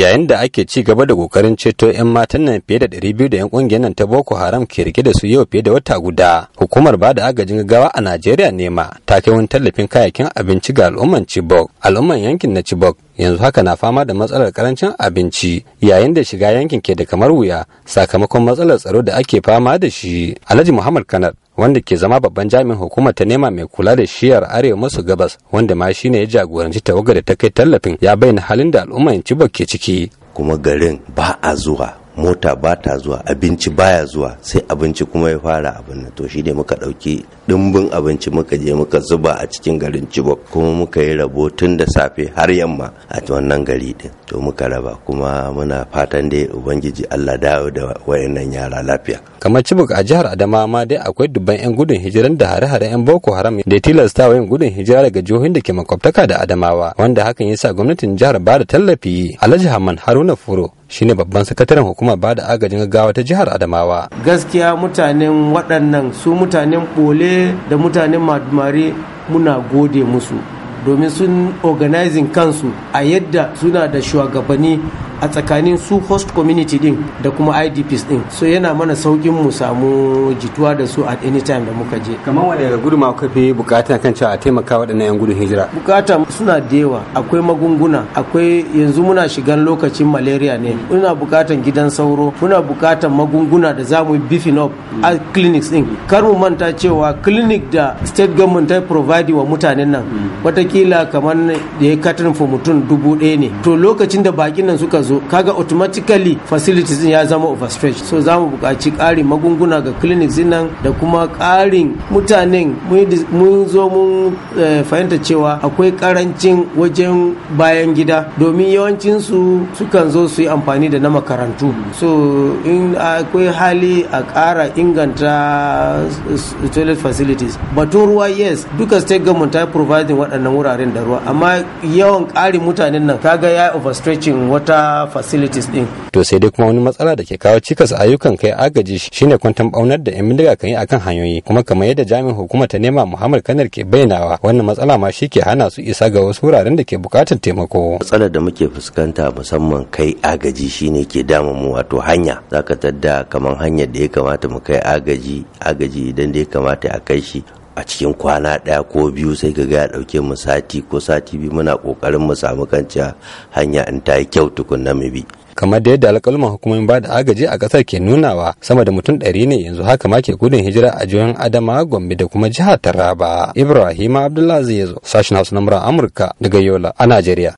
yayin da ake ci gaba da kokarin ceto 'yan matan nan fiye da 200 da 'yan kungiyar nan ta boko haram ke rike da su yau fiye da wata guda hukumar ba da agajin gaggawa a najeriya nema ta kai wani tallafin kayayyakin abinci ga al'umman chibok al'umman yankin na chibok yanzu haka na fama da matsalar karancin abinci yayin da shiga yankin ke da kamar wuya sakamakon matsalar tsaro da ake fama da shi alhaji muhammad kanar wanda ke zama babban jami'in hukumar ta nema mai kula da shiyar arewa masu gabas wanda ma shine ya jagoranci tawagar da ta kai tallafin ya bayyana halin da al'umma yanci ke ciki kuma garin ba a zuwa mota ba ta zuwa abinci baya zuwa sai abinci kuma ya fara abin nan to shi ne muka ɗauki dimbin abinci muka je muka zuba a cikin garin Chibok kuma muka yi rabo tun da safe har yamma a wannan gari din to muka raba kuma muna fatan dai ubangiji Allah dawo da wayannan yara lafiya kamar Chibok a jihar Adamawa ma dai akwai dubban yan gudun hijiran da hare-hare yan Boko Haram da tilasta wa gudun hijira daga jihohin da ke makwabtaka da Adamawa wanda hakan yasa gwamnatin jihar ba da tallafi Alhaji Hamman Haruna Furo shine babban sakataren hukumar ba da agajin gaggawa ta jihar adamawa gaskiya mutanen waɗannan su mutanen ɓole da mutanen madumare muna gode musu domin sun organizing kansu a yadda suna da shugabanni a tsakanin su host community din da kuma idps din so yana mana saukin mu samu jituwa da su at any time da muka je kamar wani da gudu ma fi bukata kan cewa a taimaka waɗannan yan gudun hijira bukata suna da yawa akwai magunguna akwai yanzu muna shigan lokacin malaria ne muna bukatan gidan sauro muna bukatan magunguna da za mu up a clinics din kar mu manta cewa clinic da state government ta provide wa mutanen nan mm. watakila kamar da ya katin mutum dubu ɗaya ne to lokacin da bakin nan suka zo zo kaga automatically facilities din ya zama overstretched so za mu buƙaci ƙarin magunguna ga clinics nan da kuma ƙarin mutanen mun zo mun eh, fahimta cewa akwai ƙarancin wajen bayan gida domin yawancin su sukan zo su yi amfani da na makarantu so in akwai hali a ƙara inganta toilet facilities batun ruwa yes duka state government ta providing waɗannan wuraren da ruwa amma yawan ƙarin mutanen nan kaga ya overstretching wata facilities din. To sai dai kuma wani matsala da ke kawo cikas ayyukan kai agaji shine kwantan baunar da 'yan bindiga kan yi akan hanyoyi kuma kamar yadda jami'in hukuma ta nema Muhammad Kanar ke bayyanawa wannan matsala ma shi ke hana su isa ga wasu wuraren da ke bukatar taimako. Matsalar da muke fuskanta musamman kai agaji shine ke damu mu wato hanya zaka tadda kamar hanyar da ya kamata mu kai agaji agaji idan da ya kamata a kai shi a cikin kwana ɗaya ko biyu sai ka ga ya ɗauke mu sati ko sati biyu muna ƙoƙarin mu samu kanciya hanya in ta yi kyau tukunna mu bi. kamar da yadda alƙalman hukumomin ba da agaji a ƙasar ke nunawa sama da mutum ɗari ne yanzu haka ma ke gudun hijira a jihohin adama gombe da kuma jihar taraba ibrahim abdullahi zai zo sashen hausa na amurka daga yola a najeriya.